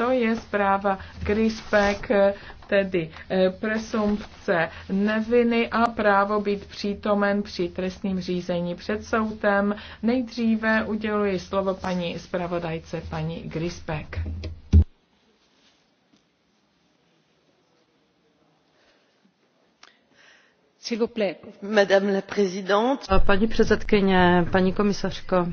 To je zpráva Grispek, tedy eh, presumpce neviny a právo být přítomen při trestním řízení před soudem. Nejdříve uděluji slovo paní zpravodajce, paní Grispek. la présidente, Paní předsedkyně, paní komisařko,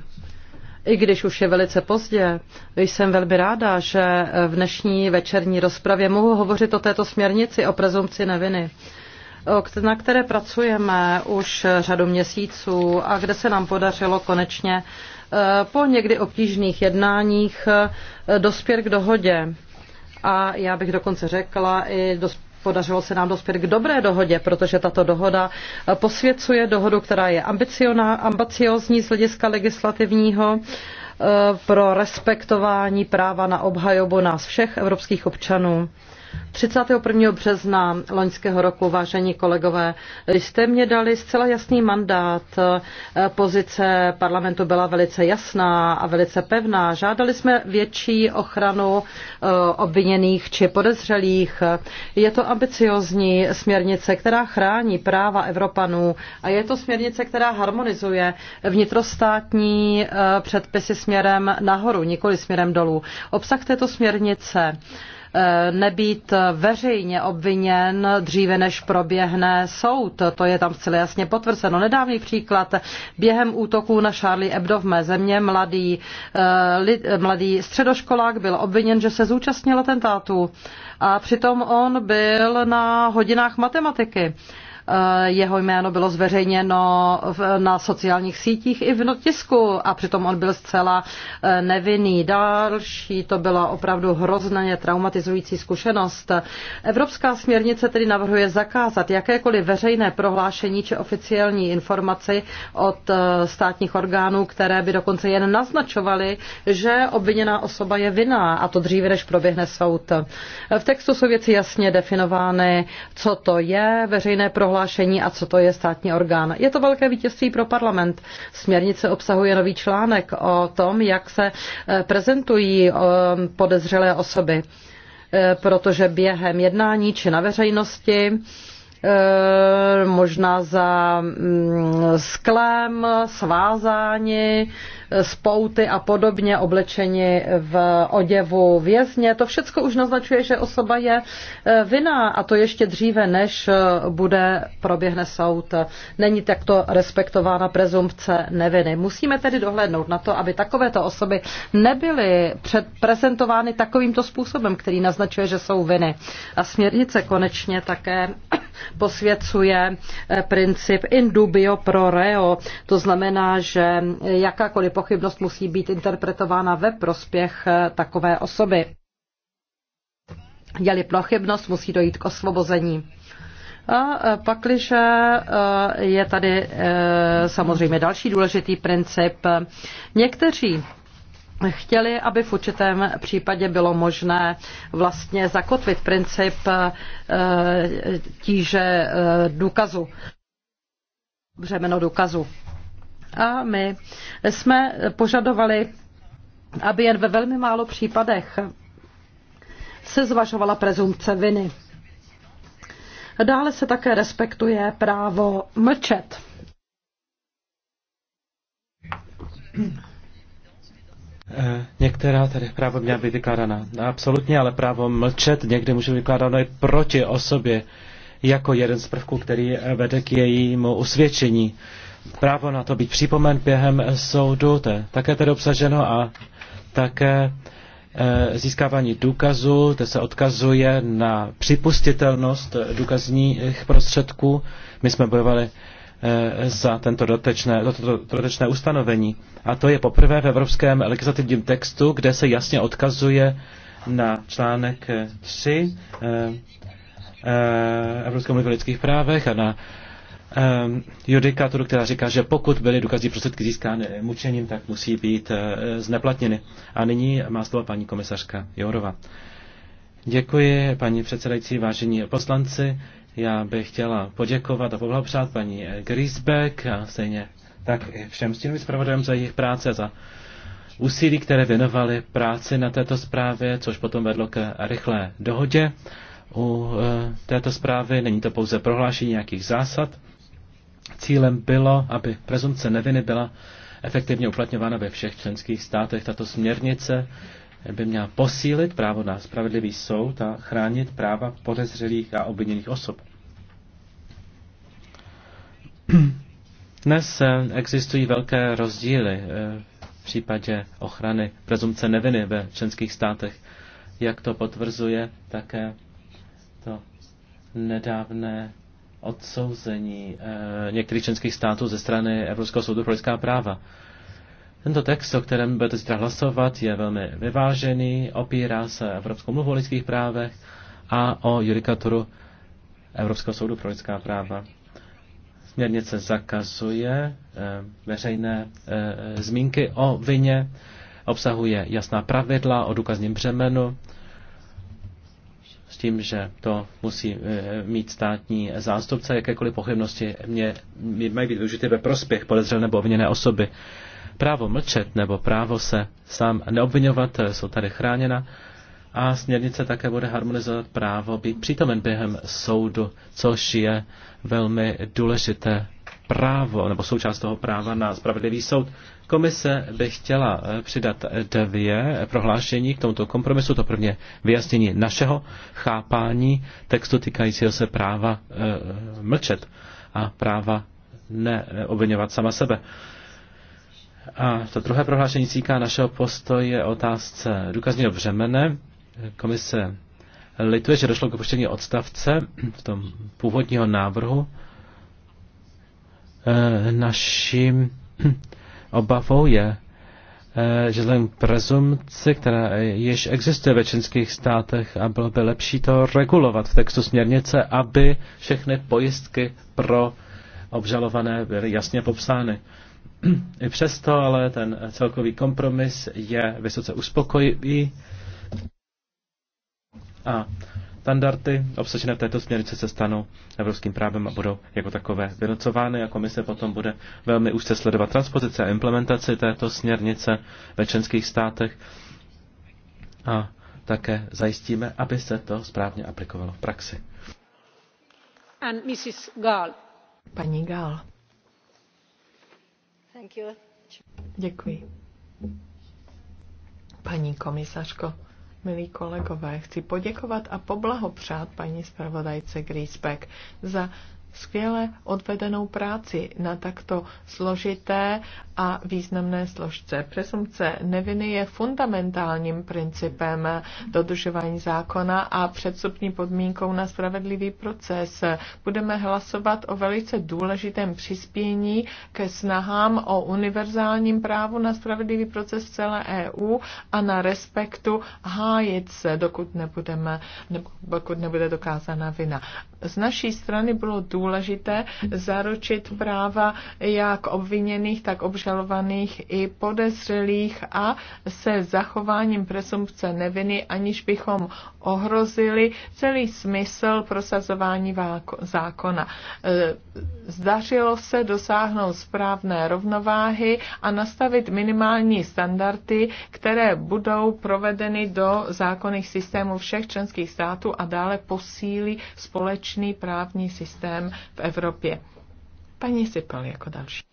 i když už je velice pozdě, jsem velmi ráda, že v dnešní večerní rozpravě mohu hovořit o této směrnici o prezumci neviny na které pracujeme už řadu měsíců a kde se nám podařilo konečně eh, po někdy obtížných jednáních eh, dospět k dohodě. A já bych dokonce řekla i dospět podařilo se nám dospět k dobré dohodě, protože tato dohoda eh, posvěcuje dohodu, která je ambiciozní z hlediska legislativního eh, pro respektování práva na obhajobu nás všech evropských občanů. 31. března loňského roku, vážení kolegové, jste mě dali zcela jasný mandát. Pozice parlamentu byla velice jasná a velice pevná. Žádali jsme větší ochranu eh, obviněných či podezřelých. Je to ambiciozní směrnice, která chrání práva Evropanů a je to směrnice, která harmonizuje vnitrostátní eh, předpisy směrem nahoru, nikoli směrem dolů. Obsah této směrnice Eh, nebýt veřejně obviněn dříve, než proběhne soud. To je tam zcela jasně potvrzeno. Nedávný příklad během útoků na Charlie Hebdo v mé země mladý, eh, mladý středoškolák byl obviněn, že se zúčastnil atentátu a přitom on byl na hodinách matematiky. Eh, jeho jméno bylo zveřejněno na sociálních sítích i v notisku a přitom on byl zcela eh, nevinný. Další to byla opravdu hrozně traumatizující zkušenost. Evropská směrnice tedy navrhuje zakázat jakékoliv veřejné prohlášení či oficiální informaci od eh, státních orgánů, které by dokonce jen naznačovaly, že obviněná osoba je vinná a to dříve, než proběhne soud. V textu jsou věci jasně definovány, co to je veřejné prohlášení prohlášení a co to je státní orgán. Je to velké vítězství pro parlament. Směrnice obsahuje nový článek o tom, jak se eh, prezentují eh, podezřelé osoby, eh, protože během jednání či na veřejnosti možná za mm, sklem, svázání spouty a podobně, oblečeni v oděvu vězně. To všechno už naznačuje, že osoba je e, vinná a to ještě dříve, než e, bude proběhne soud. Není takto respektována prezumpce neviny. Musíme tedy dohlédnout na to, aby takovéto osoby nebyly prezentovány takovýmto způsobem, který naznačuje, že jsou viny. A směrnice konečně také posvěcuje e, princip indubio pro reo. To znamená, že jakákoliv pochybnost musí být interpretována ve prospěch eh, takové osoby. Je-li pochybnost, musí dojít k osvobození. A eh, pakliže eh, je tady samozřejmě další důležitý princip. Někteří chtěli, aby v určitém případě bylo možné vlastně zakotvit princip tíže důkazu, břemeno důkazu. A my jsme požadovali, aby jen ve velmi málo případech se zvažovala prezumce viny. Dále se také respektuje právo mlčet. Eh, některá tedy právo měla být vykládána absolutně, ale právo mlčet někdy může být vykládáno i proti osobě jako jeden z prvků, který eh, vede k jejímu usvědčení právo na to být připomen během soudu, to je také tedy obsaženo a také eh, získávání důkazu, to se odkazuje na připustitelnost důkazních prostředků. My jsme bojovali eh, za tento dotečné, toto dotečné ustanovení. A to je poprvé v evropském legislativním textu, kde se jasně odkazuje na článek 3 eh, Evropské mluvy o lidských právech a na Ehm, judikaturu, která říká, že pokud byly důkazní prostředky získány mučením, tak musí být eh, zneplatněny. A nyní má slovo paní komisařka Jourova. Děkuji, paní předsedající, vážení poslanci. Já bych chtěla poděkovat a poblahopřát paní Griesbeck a stejně tak i všem stínovým zpravodajům za jejich práce, za úsilí, které věnovali práci na této zprávě, což potom vedlo k rychlé dohodě u eh, této zprávy. Není to pouze prohlášení nějakých zásad, Cílem bylo, aby prezumce neviny byla efektivně uplatňována ve všech členských státech. Tato směrnice by měla posílit právo na spravedlivý soud a chránit práva podezřelých a obviněných osob. Dnes existují velké rozdíly eh, v případě ochrany prezumce neviny ve členských státech. Jak to potvrzuje také to nedávné odsouzení eh, některých členských států ze strany Evropského soudu pro lidská práva. Tento text, o kterém budete zítra hlasovat, je velmi vyvážený, opírá se Evropskou mluvu o lidských právech a o judikaturu Evropského soudu pro lidská práva. Směrnice zakazuje eh, veřejné eh, zmínky o vině, obsahuje jasná pravidla o důkazním břemenu, tím, že to musí eh, mít státní zástupce, jakékoliv pochybnosti mě, mě mají být využity ve prospěch podezřelé nebo obviněné osoby. Právo mlčet nebo právo se sám neobvinovat eh, jsou tady chráněna a směrnice také bude harmonizovat právo být přítomen během soudu, což je velmi důležité právo nebo součást toho práva na spravedlivý soud. Komise by chtěla eh, přidat eh, dvě eh, prohlášení k tomuto kompromisu. To prvně vyjasnění našeho chápání textu týkajícího se práva mlčet a práva neobvinovat sama sebe. A to druhé prohlášení týká našeho postoje otázce důkazního břemene. Komise lituje, že došlo k opuštění odstavce v tom původního návrhu. naším obavou je, eh, že vzhledem prezumci, která již existuje ve čínských státech a bylo by lepší to regulovat v textu směrnice, aby všechny pojistky pro obžalované byly jasně popsány. I přesto ale ten celkový kompromis je vysoce uspokojivý a Standardy obsažené v této směrnici se stanou evropským právem a budou jako takové vynocovány a komise potom bude velmi úzce sledovat transpozice a implementaci této směrnice ve členských státech a také zajistíme, aby se to správně aplikovalo v praxi. And Mrs. Gall. Paní Gall. Thank you. Děkuji. Paní komisařko, milí kolegové. Chci poděkovat a poblahopřát paní zpravodajce Griesbeck za skvěle odvedenou práci na takto složité a významné složce. Presumce neviny je fundamentálním principem dodržování zákona a předstupní podmínkou na spravedlivý proces. Budeme hlasovat o velice důležitém přispění ke snahám o univerzálním právu na spravedlivý proces v celé EU a na respektu hájit se, dokud, nebudeme, dokud nebude dokázána vina z naší strany bylo důležité zaručit práva jak obviněných, tak obžalovaných i podezřelých a se zachováním presumpce neviny, aniž bychom ohrozili celý smysl prosazování zákona. E, zdařilo se dosáhnout správné rovnováhy a nastavit minimální standardy, které budou provedeny do zákonných systémů všech členských států a dále posílí společnost funkční právní systém v Evropě. Paní Sipel jako další.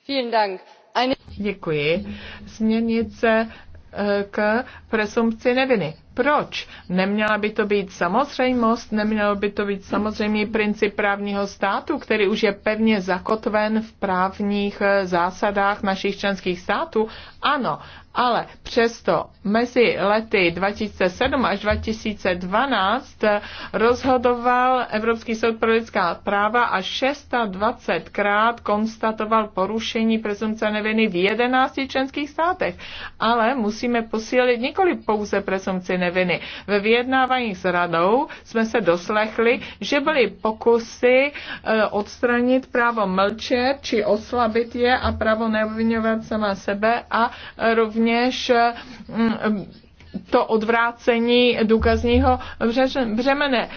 Děkuji. Směrnice eh, k presumpci neviny. Proč? Neměla by to být samozřejmost, Nemělo by to být samozřejmý princip právního státu, který už je pevně zakotven v právních eh, zásadách našich členských států? Ano, ale přesto mezi lety 2007 až 2012 eh, rozhodoval Evropský soud pro lidská práva a 620krát konstatoval porušení prezumce neviny v 11 členských státech. Ale musíme posílit nikoli pouze prezumci neviny. Ve vyjednávání s radou jsme se doslechli, že byly pokusy e, odstranit právo mlčet či oslabit je a právo neobvinovat sama sebe a rovněž e, to odvrácení důkazního břemene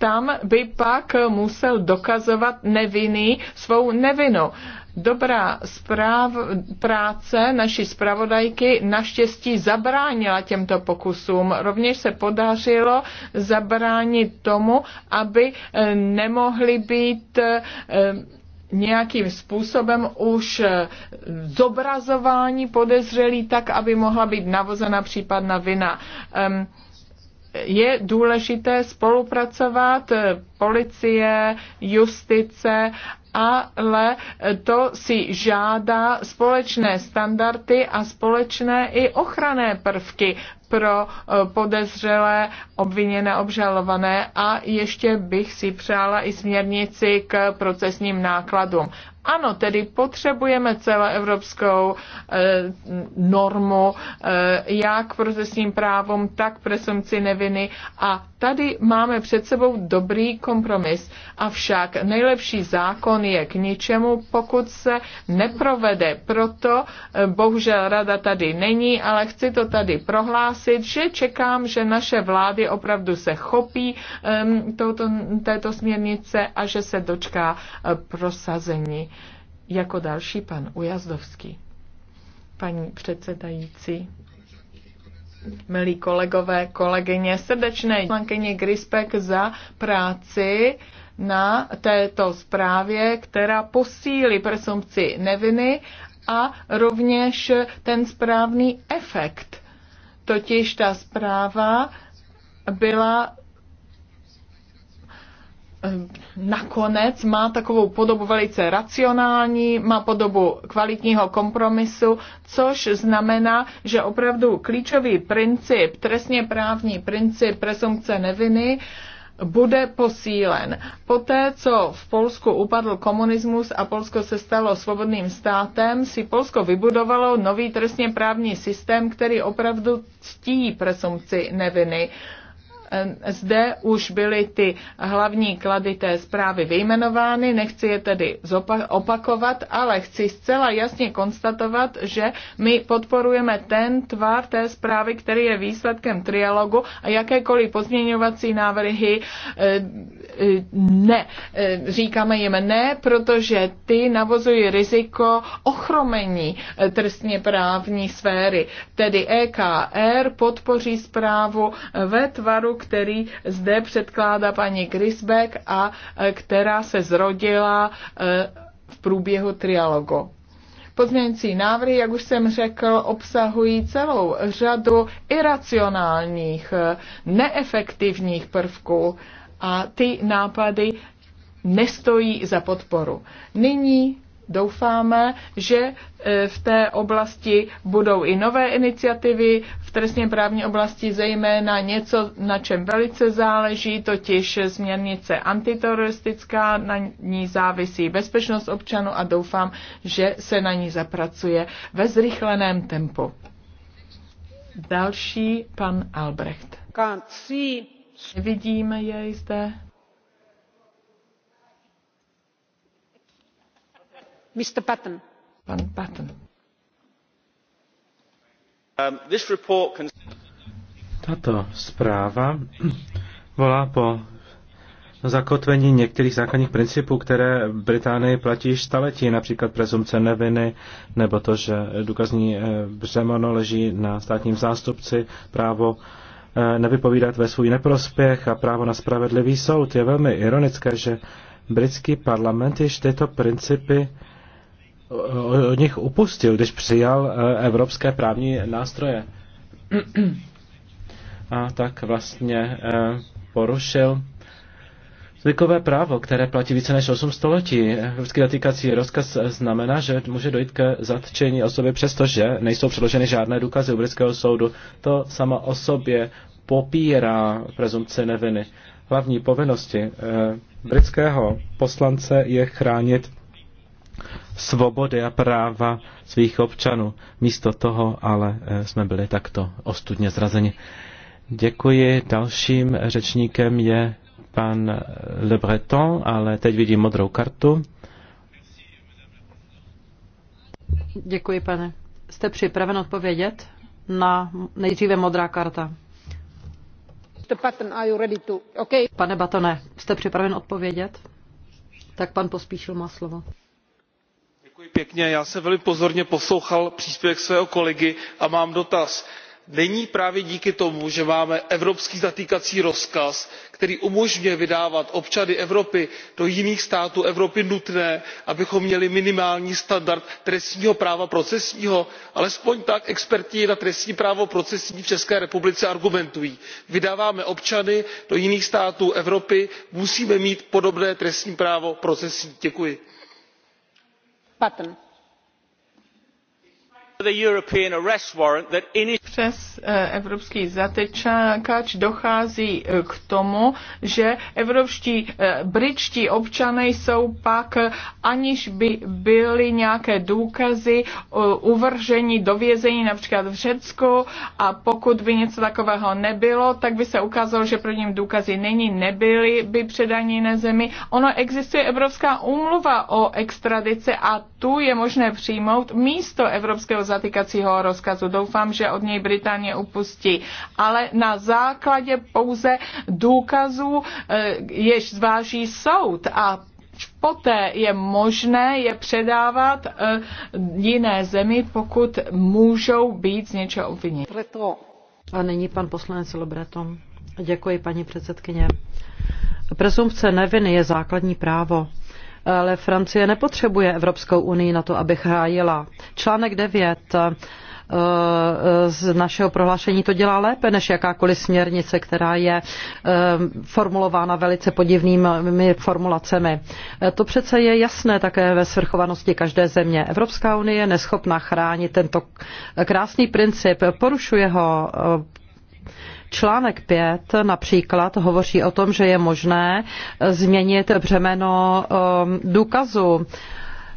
tam by pak musel dokazovat nevinný svou nevinu. Dobrá zpráv, práce naší zpravodajky naštěstí zabránila těmto pokusům. Rovněž se podařilo zabránit tomu, aby eh, nemohly být eh, nějakým způsobem už eh, zobrazování podezřelí tak, aby mohla být navozena případná vina. Um, je důležité spolupracovat eh, policie, justice, ale to si žádá společné standardy a společné i ochranné prvky pro eh, podezřelé, obviněné, obžalované a ještě bych si přála i směrnici k procesním nákladům. Ano, tedy potřebujeme celoevropskou eh, normu, eh, jak procesním právům, tak presumci neviny. A tady máme před sebou dobrý kompromis. Avšak nejlepší zákon je k ničemu, pokud se neprovede. Proto eh, bohužel rada tady není, ale chci to tady prohlásit, že čekám, že naše vlády opravdu se chopí eh, touto, této směrnice a že se dočká eh, prosazení jako další pan Ujazdovský. Paní předsedající, milí kolegové, kolegyně, srdečné poslankyně Grispek za práci na této zprávě, která posílí presumpci neviny a rovněž ten správný efekt. Totiž ta zpráva byla Eh, nakonec má takovou podobu velice racionální, má podobu kvalitního kompromisu, což znamená, že opravdu klíčový princip, trestně právní princip presumpce neviny, bude posílen. Poté, co v Polsku upadl komunismus a Polsko se stalo svobodným státem, si Polsko vybudovalo nový trestně právní systém, který opravdu ctí presumpci neviny. Zde už byly ty hlavní klady té zprávy vyjmenovány, nechci je tedy opakovat, ale chci zcela jasně konstatovat, že my podporujeme ten tvar té zprávy, který je výsledkem trialogu a jakékoliv pozměňovací návrhy ne. Říkáme jim ne, protože ty navozují riziko ochromení eh, trestně právní sféry. Tedy EKR podpoří zprávu eh, ve tvaru, který zde předkládá paní Grisbeck a eh, která se zrodila v průběhu trialogu. Pozměňující návrhy, jak už jsem řekl, obsahují celou řadu iracionálních, neefektivních prvků a ty nápady nestojí za podporu. Nyní doufáme, že e, v té oblasti budou i nové iniciativy, v trestně právní oblasti zejména něco, na čem velice záleží, totiž směrnice antiteroristická, na ní závisí bezpečnost občanů a doufám, že se na ní zapracuje ve zrychleném tempu. Další pan Albrecht. Can't see. Vidíme jej zde. Mr. Patton. Pan Patton. Um, Tato zpráva volá po zakotvení některých základních principů, které v Británii platí již staletí, například prezumce neviny, nebo to, že důkazní eh, břemeno leží na státním zástupci, právo Eh, nevypovídat ve svůj neprospěch a právo na spravedlivý soud. Je velmi ironické, že britský parlament již tyto principy eh, od nich upustil, když přijal eh, evropské právní nástroje. A tak vlastně porušil Zvykové právo, které platí více než 8 století, evropský zatýkací rozkaz znamená, že může dojít ke zatčení osoby, přestože nejsou předloženy žádné důkazy u britského soudu. To sama o sobě popírá prezumci neviny. Hlavní povinnosti eh, britského poslance je chránit svobody a práva svých občanů. Místo toho ale eh, jsme byli takto ostudně zrazeni. Děkuji. Dalším řečníkem je pan Le Breton, ale teď vidím modrou kartu. Děkuji, pane. Jste připraven odpovědět na nejdříve modrá karta? Pane Batone, jste připraven odpovědět? Tak pan Pospíšil má slovo. Děkuji pěkně. Já jsem velmi pozorně poslouchal příspěvek svého kolegy a mám dotaz není právě díky tomu že máme evropský zatýkací rozkaz který umožňuje vydávat občany evropy do jiných států evropy nutné abychom měli minimální standard trestního práva procesního? alespoň tak experti na trestní právo procesní v české republice argumentují. vydáváme občany do jiných států evropy musíme mít podobné trestní právo procesní. Přes eh, evropský zatečákač dochází eh, k tomu, že evropští eh, britští občané jsou pak, aniž by byly nějaké důkazy, uvržení do vězení například v Řecku a pokud by něco takového nebylo, tak by se ukázalo, že pro ním důkazy není, nebyly by předaní na zemi. Ono existuje Evropská úmluva o extradici a tu je možné přijmout místo evropského zatýkacího rozkazu. Doufám, že od něj Británie upustí. Ale na základě pouze důkazů, eh, jež zváží soud a poté je možné je předávat eh, jiné zemi, pokud můžou být z něčeho obviněni. A není pan poslanec Lebreton. Děkuji, paní předsedkyně. Presumpce neviny je základní právo ale Francie nepotřebuje Evropskou unii na to, aby hájila. Článek 9 eh, eh, z našeho prohlášení to dělá lépe než jakákoliv směrnice, která je eh, formulována velice podivnými formulacemi. To přece je jasné také ve svrchovanosti každé země. Evropská unie je neschopná chránit tento krásný princip, porušuje ho Článek 5 například hovoří o tom, že je možné eh, změnit břemeno eh, důkazu.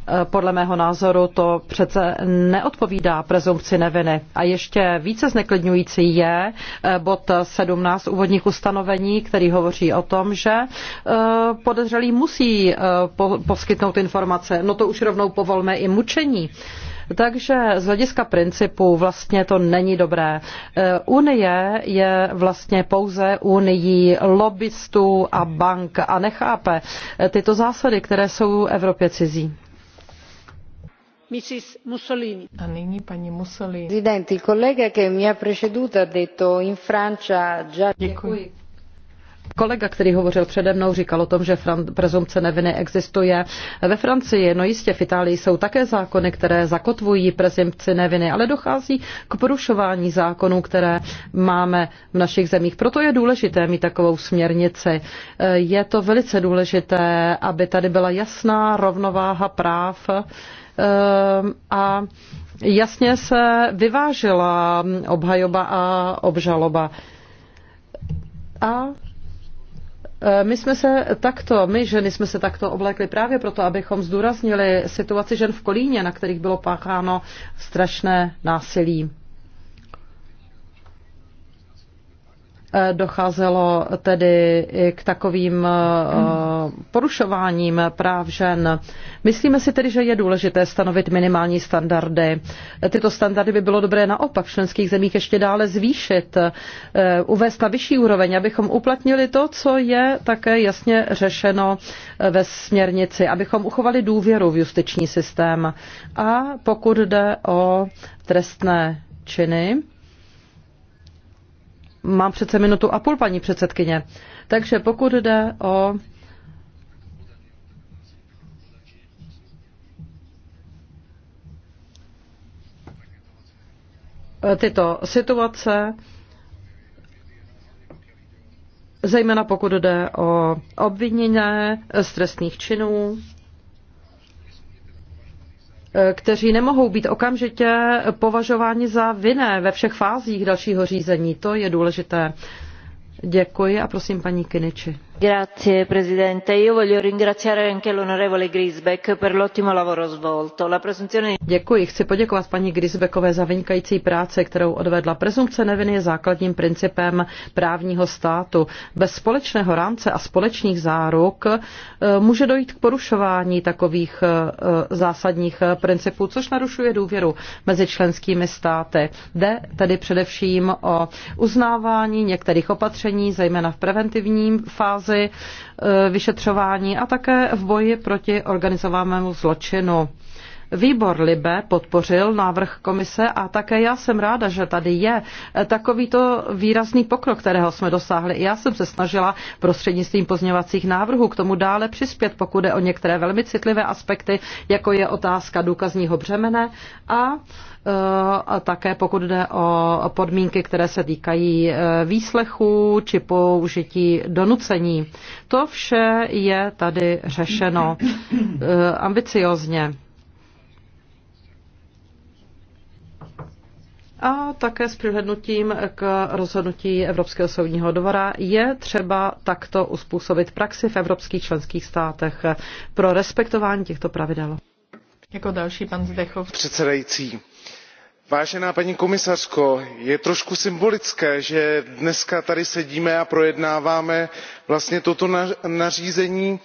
Eh, podle mého názoru to přece neodpovídá prezumpci neviny. A ještě více zneklidňující je bod 17 úvodních ustanovení, který hovoří o tom, že podezřelý musí poskytnout informace. No to už rovnou povolme i mučení. Takže z hlediska principu vlastně to není dobré. Eh, Unie je vlastně pouze unii lobbystů a bank a nechápe tyto zásady, které jsou Evropě cizí. Mrs. Mussolini. A nyní paní Mussolini. Presidente, il collega che mi ha preceduto ha detto in Francia già... Děkuji. Děkuji Kolega, který hovořil přede mnou, říkal o tom, že prezumce neviny existuje ve Francii. No jistě, v Itálii jsou také zákony, které zakotvují prezumci neviny, ale dochází k porušování zákonů, které máme v našich zemích. Proto je důležité mít takovou směrnici. Je to velice důležité, aby tady byla jasná rovnováha práv ehm, a jasně se vyvážila obhajoba a obžaloba. A Eh, my jsme se takto, my ženy jsme se takto oblékli právě proto, abychom zdůraznili situaci žen v Kolíně, na kterých bylo pácháno strašné násilí. Eh, docházelo tedy k takovým eh, porušováním práv žen. Myslíme si tedy, že je důležité stanovit minimální standardy. Tyto standardy by bylo dobré naopak v členských zemích ještě dále zvýšit, eh, uvést na vyšší úroveň, abychom uplatnili to, co je také jasně řešeno ve směrnici, abychom uchovali důvěru v justiční systém. A pokud jde o trestné činy, Mám přece minutu a půl, paní předsedkyně. Takže pokud jde o tyto situace, zejména pokud jde o obviněné z trestných činů, kteří nemohou být okamžitě považováni za vinné ve všech fázích dalšího řízení. To je důležité. Děkuji a prosím paní Kiniči signor presidente onorevoli colleghi děkuji. chci poděkovat paní griesbeckové za vynikající práci kterou odvedla. presumpce neviny je základním principem právního státu. bez společného rámce a společných záruk eh, může dojít k porušování takových eh, eh, zásadních principů což narušuje důvěru mezi členskými státy. jde tedy především o uznávání některých opatření zejména v preventivním fázi fázi eh, vyšetřování a také v boji proti organizovanému zločinu. Výbor Libe podpořil návrh komise a také já jsem ráda, že tady je takovýto výrazný pokrok, kterého jsme dosáhli. Já jsem se snažila prostřednictvím pozněvacích návrhů k tomu dále přispět, pokud je o některé velmi citlivé aspekty, jako je otázka důkazního břemene a eh, a také pokud jde o podmínky, které se týkají eh, výslechu či použití donucení. To vše je tady řešeno eh, ambiciozně. a také s přihlednutím k rozhodnutí Evropského soudního dvora je třeba takto uspůsobit praxi v evropských členských státech pro respektování těchto pravidel. Jako další pan Zdechov. Předsedající, vážená paní komisařko je trošku symbolické že dneska tady sedíme a projednáváme vlastně toto nařízení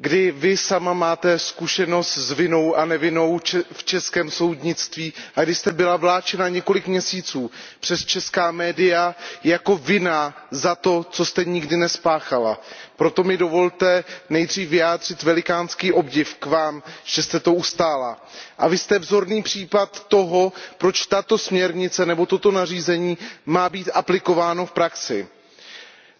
kdy vy sama máte zkušenost s vinou a nevinou v českém soudnictví a kdy jste byla vláčena několik měsíců přes česká média jako vinná za to co jste nikdy nespáchala. proto mi dovolte nejdřív vyjádřit velikánský obdiv k vám že jste to ustála. a vy jste vzorný případ toho proč tato směrnice nebo toto nařízení má být aplikováno v praxi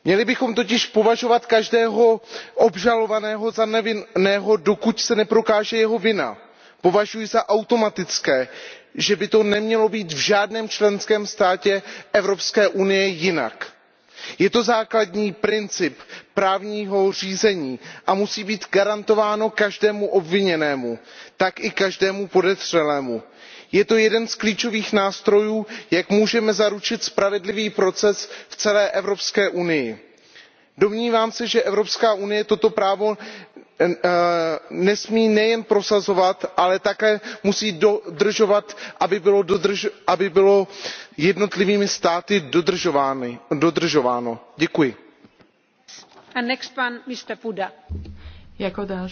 měli bychom totiž považovat každého obžalovaného za nevinného dokud se neprokáže jeho vina. považuji za automatické že by to nemělo být v žádném členském státě evropské unie jinak je to základní princip právního řízení a musí být garantováno každému obviněnému tak i každému podezřelému. je to jeden z klíčových nástrojů jak můžeme zaručit spravedlivý proces v celé evropské unii. domnívám se že evropská unie toto právo Eh, nesmí nejen prosazovat ale také musí dodržovat aby bylo jednotlivými státy dodržováno. děkuji. Jako doamnă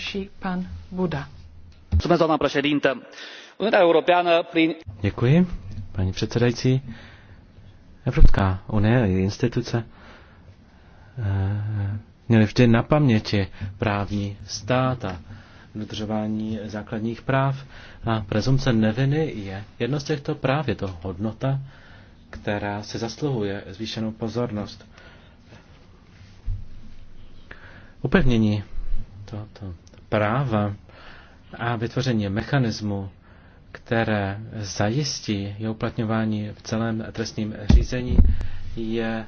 președintă uniunea europeană prin. Děkuji, paní předsedající. Evropská unie, její instituce, eh, měli vždy na paměti právní stát a dodržování základních práv. A prezumce neviny je jedno z těchto práv, je to hodnota, která se zasluhuje zvýšenou pozornost. Upevnění tohoto práva a vytvoření mechanismu, které zajistí jeho uplatňování v celém trestním řízení, je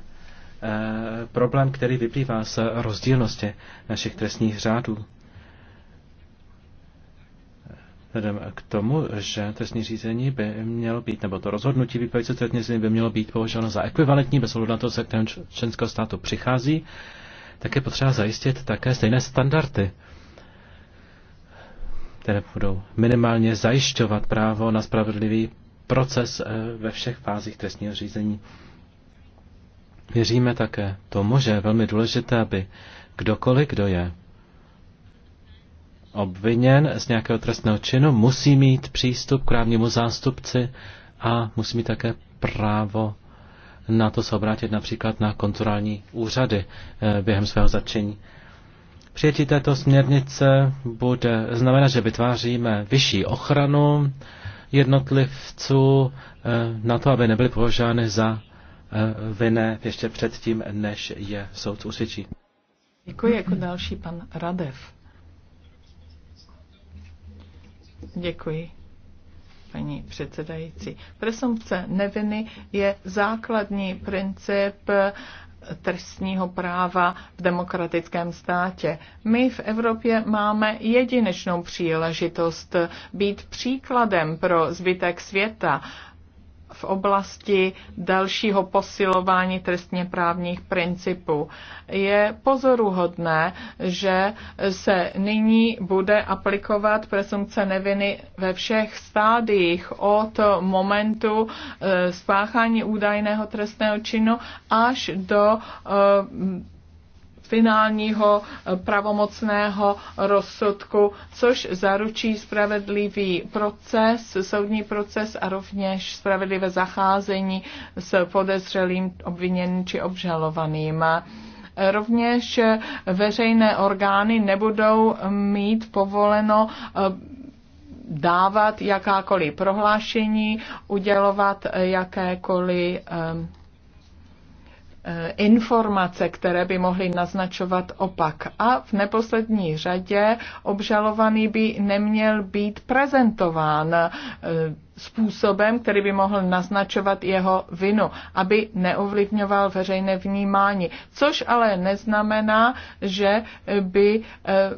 Eh, problém, který vyplývá z rozdílnosti našich trestních řádů. Vzhledem k tomu, že trestní řízení by mělo být, nebo to rozhodnutí vypojící trestní řízení by mělo být považováno za ekvivalentní, bez ohledu na to, ze kterého členského státu přichází, tak je potřeba zajistit také stejné standardy, které budou minimálně zajišťovat právo na spravedlivý proces eh, ve všech fázích trestního řízení. Věříme také tomu, že je velmi důležité, aby kdokoliv, kdo je obviněn z nějakého trestného činu, musí mít přístup k právnímu zástupci a musí mít také právo na to se obrátit například na konturální úřady eh, během svého začení. Přijetí této směrnice bude znamenat, že vytváříme vyšší ochranu jednotlivců eh, na to, aby nebyly považovány za Eh, vinné ještě předtím, než je soud usvědčí. Děkuji jako další pan Radev. Děkuji, paní předsedající. Presumpce neviny je základní princip trestního práva v demokratickém státě. My v Evropě máme jedinečnou příležitost být příkladem pro zbytek světa v oblasti dalšího posilování trestně právních principů. Je pozoruhodné, že se nyní bude aplikovat presumpce neviny ve všech stádiích od momentu e, spáchání údajného trestného činu až do e, finálního eh, pravomocného rozsudku, což zaručí spravedlivý proces, soudní proces a rovněž spravedlivé zacházení s podezřelým, obviněným či obžalovaným eh, rovněž eh, veřejné orgány nebudou mít povoleno dávat jakákoliv prohlášení, udělovat jakékoliv Eh, informace, které by mohly naznačovat opak. A v neposlední řadě obžalovaný by neměl být prezentován eh, způsobem, který by mohl naznačovat jeho vinu, aby neovlivňoval veřejné vnímání. Což ale neznamená, že by eh,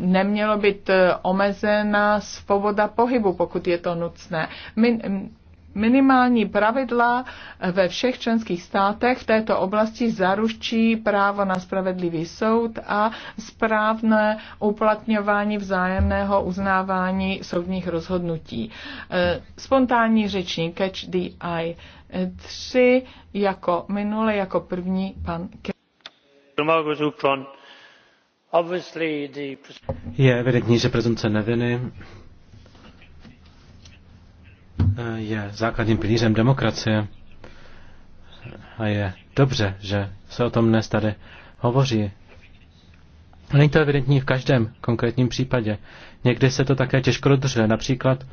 nemělo být omezena svoboda pohybu, pokud je to nutné. My mm, minimální pravidla ve všech členských státech v této oblasti zaručí právo na spravedlivý soud a správné uplatňování vzájemného uznávání soudních rozhodnutí. E, spontánní řečník Catch the Eye 3 e, jako minule, jako první pan Ke- je evidentní, že prezumce neviny je základním pilířem demokracie a je dobře, že se o tom dnes tady hovoří. Není to evidentní v každém konkrétním případě. Někdy se to také těžko dodržuje. Například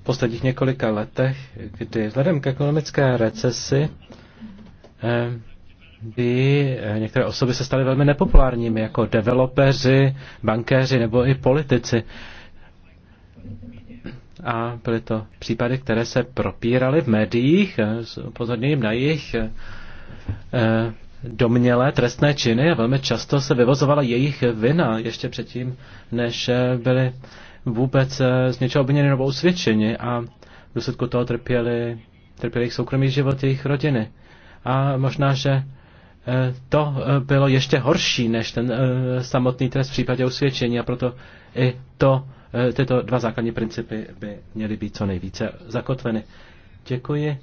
v posledních několika letech, kdy vzhledem k ekonomické recesi eh, by eh, některé osoby se staly velmi nepopulárními, jako developeři, bankéři nebo i politici a byly to případy, které se propíraly v médiích eh, s upozorněním na jejich eh, domnělé trestné činy a velmi často se vyvozovala jejich vina ještě předtím, než eh, byly vůbec z něčeho obviněny nebo usvědčeni a v důsledku toho trpěli, trpěli jejich soukromý život, jejich rodiny. A možná, že to bylo ještě horší než ten samotný trest v případě usvědčení a proto i to Eh, tyto dva základní principy by měly být co nejvíce zakotveny. Děkuji.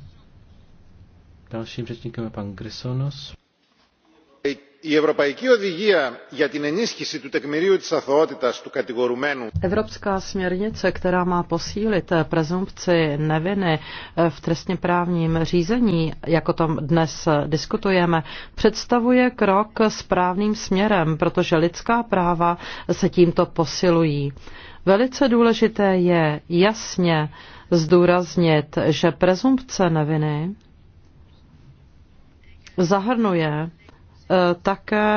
Dalším řečníkem je pan Grisonos. Evropská směrnice, která má posílit eh, prezumpci neviny eh, v trestně právním řízení, jako tam dnes diskutujeme, představuje krok správným směrem, protože lidská práva se tímto posilují. Velice důležité je jasně zdůraznit, že prezumpce neviny zahrnuje eh, také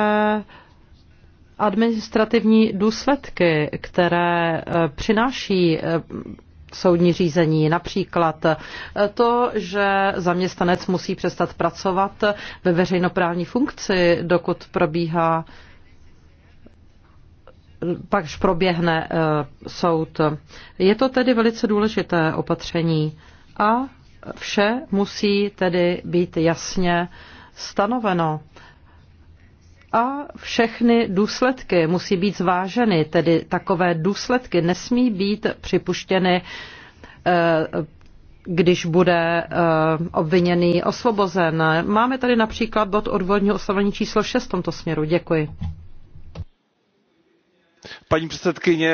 administrativní důsledky, které eh, přináší eh, soudní řízení. Například to, že zaměstnanec musí přestat pracovat ve veřejnoprávní funkci, dokud probíhá pak proběhne eh, soud. Je to tedy velice důležité opatření a vše musí tedy být jasně stanoveno. A všechny důsledky musí být zváženy, tedy takové důsledky nesmí být připuštěny, eh, když bude eh, obviněný osvobozen. Máme tady například bod odvodního oslovení číslo 6 v tomto směru. Děkuji paní předsedající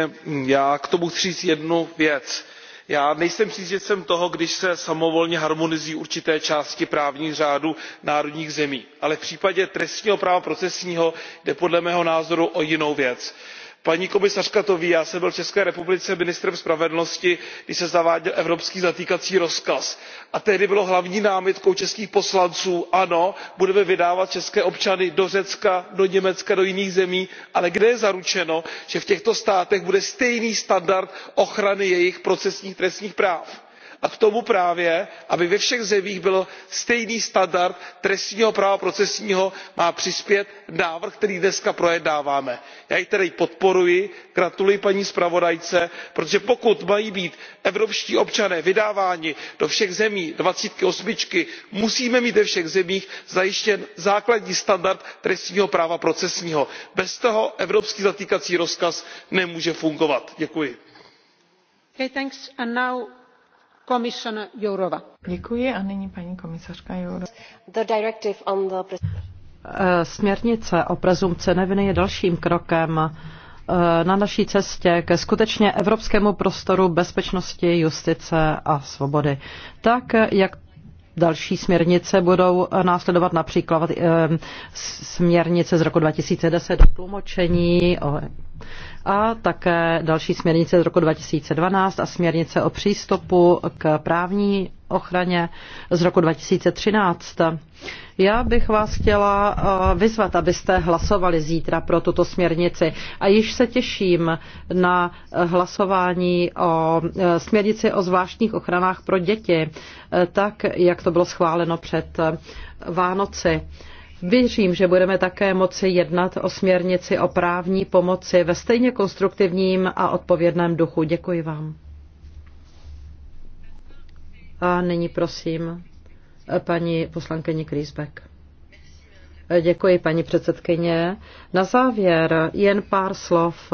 já k tomu chci říct jednu věc. já nejsem příznivcem toho když se samovolně harmonizují určité části právních řádů národních zemí ale v případě trestního práva procesního jde podle mého názoru o jinou věc paní komisařka to ví já jsem byl v české republice ministrem spravedlnosti když se zaváděl evropský zatýkací rozkaz a tehdy bylo hlavní námitkou českých poslanců ano budeme vydávat české občany do řecka do německa do jiných zemí ale kde je zaručeno že v těchto státech bude stejný standard ochrany jejich procesních trestních práv? a k tomu právě aby ve všech zemích byl stejný standard trestního práva procesního má přispět návrh který dnes projednáváme. já jej tedy podporuji gratuluji paní zpravodajce protože pokud mají být evropští občané vydáváni do všech zemí dvacítky osmičky musíme mít ve všech zemích zajištěn základní standard trestního práva procesního. bez toho evropský zatýkací rozkaz nemůže fungovat. děkuji. Děkuji a paní komisařka eh, Směrnice o prezumce neviny je dalším krokem eh, na naší cestě ke skutečně evropskému prostoru bezpečnosti, justice a svobody. Tak, jak další směrnice budou následovat například eh, směrnice z roku 2010 o tlumočení, o a také další směrnice z roku 2012 a směrnice o přístupu k právní ochraně z roku 2013. Já bych vás chtěla eh, vyzvat, abyste hlasovali zítra pro tuto směrnici a již se těším na hlasování o eh, směrnici o zvláštních ochranách pro děti, eh, tak jak to bylo schváleno před Vánoci. Věřím, že budeme také moci jednat o směrnici o právní pomoci ve stejně konstruktivním a odpovědném duchu. Děkuji vám. A nyní prosím paní poslankyni Kriesbeck. Děkuji, paní předsedkyně. Na závěr jen pár slov.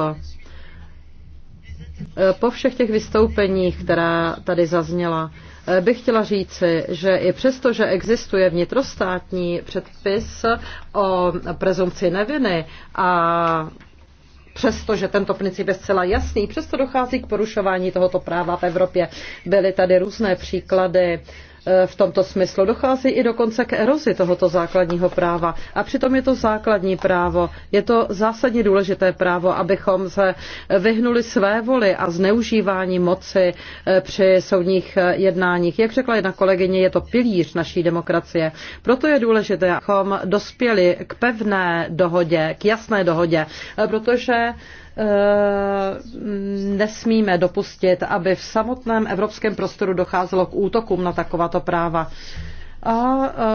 Po všech těch vystoupeních, která tady zazněla, Eh, bych chtěla říci, že i přesto, že existuje vnitrostátní předpis o prezumci neviny a přesto, že tento princip je zcela jasný, přesto dochází k porušování tohoto práva v Evropě. Byly tady různé příklady uh, v tomto smyslu. Dochází i dokonce k erozi tohoto základního práva. A přitom je to základní právo. Je to zásadně důležité právo, abychom se vyhnuli své voli a zneužívání moci eh, při soudních eh, jednáních. Jak řekla jedna kolegyně, je to pilíř naší demokracie. Proto je důležité, abychom dospěli k pevné dohodě, k jasné dohodě, eh, protože nesmíme dopustit, aby v samotném evropském prostoru docházelo k útokům na takováto práva. A e,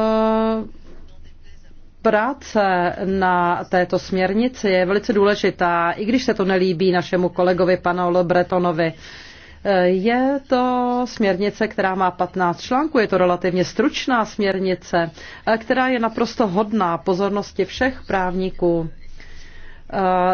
práce na této směrnici je velice důležitá, i když se to nelíbí našemu kolegovi panu Le Bretonovi. E, je to směrnice, která má 15 článků, je to relativně stručná směrnice, e, která je naprosto hodná pozornosti všech právníků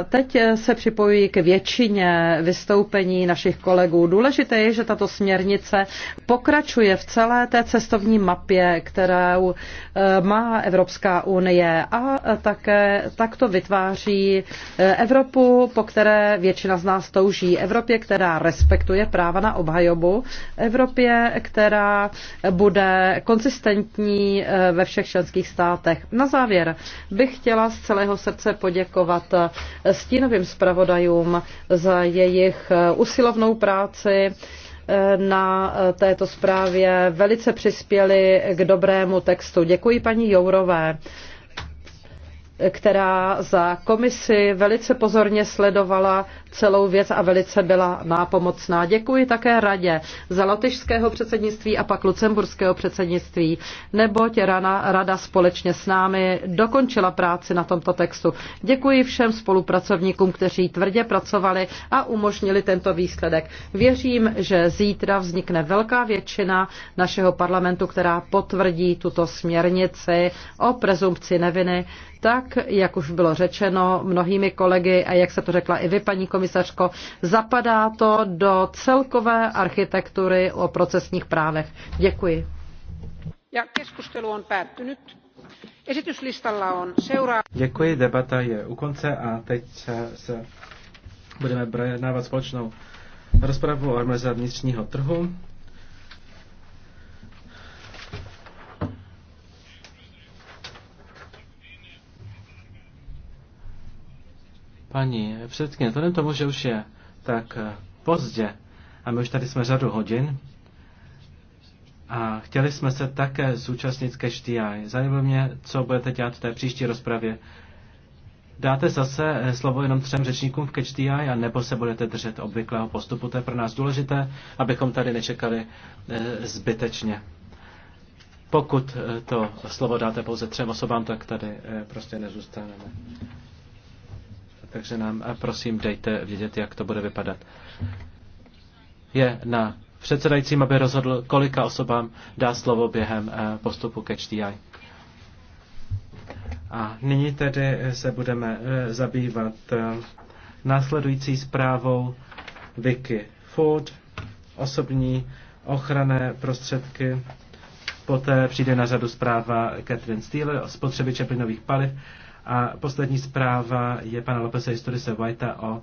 teď se připojuji k většině vystoupení našich kolegů. Důležité je, že tato směrnice pokračuje v celé té cestovní mapě, kterou e, má Evropská unie a také takto vytváří e, Evropu, po které většina z nás touží. Evropě, která respektuje práva na obhajobu, Evropě, která bude konzistentní e, ve všech členských státech. Na závěr bych chtěla z celého srdce poděkovat stínovým zpravodajům za jejich eh, usilovnou práci eh, na eh, této zprávě velice přispěli k dobrému textu. Děkuji paní Jourové která za komisi velice pozorně sledovala celou věc a velice byla nápomocná. Děkuji také radě za lotyšského předsednictví a pak lucemburského předsednictví, neboť rana, rada společně s námi dokončila práci na tomto textu. Děkuji všem spolupracovníkům, kteří tvrdě pracovali a umožnili tento výsledek. Věřím, že zítra vznikne velká většina našeho parlamentu, která potvrdí tuto směrnici o prezumpci neviny, tak, jak už bylo řečeno mnohými kolegy a jak se to řekla i vy, paní komisí, komisařko, zapadá to do celkové architektury o procesních právech. Děkuji. Ja on päättynyt. Esityslistalla on seuraava... Děkuji, debata je u konce a teď se budeme projednávat společnou rozpravu o organizaci vnitřního trhu. Paní předsedkyně, vzhledem tomu, že už je tak eh, pozdě a my už tady jsme řadu hodin a chtěli jsme se také zúčastnit ke HDI. Zajímalo mě, co budete dělat v té příští rozpravě. Dáte zase eh, slovo jenom třem řečníkům v Catch the Eye, nebo se budete držet obvyklého postupu? To je pro nás důležité, abychom tady nečekali eh, zbytečně. Pokud to slovo dáte pouze třem osobám, tak tady prostě nezůstaneme takže nám eh, prosím dejte vědět, jak to bude vypadat. Je na předsedajícím, aby rozhodl, kolika osobám dá slovo během eh, postupu ke HDI. A nyní tedy eh, se budeme zabývat následující zprávou Vicky Ford, osobní ochranné prostředky. Poté přijde na řadu zpráva Catherine Steele o spotřebiče plynových paliv. A poslední zpráva je pana Lopese Historise Whitea o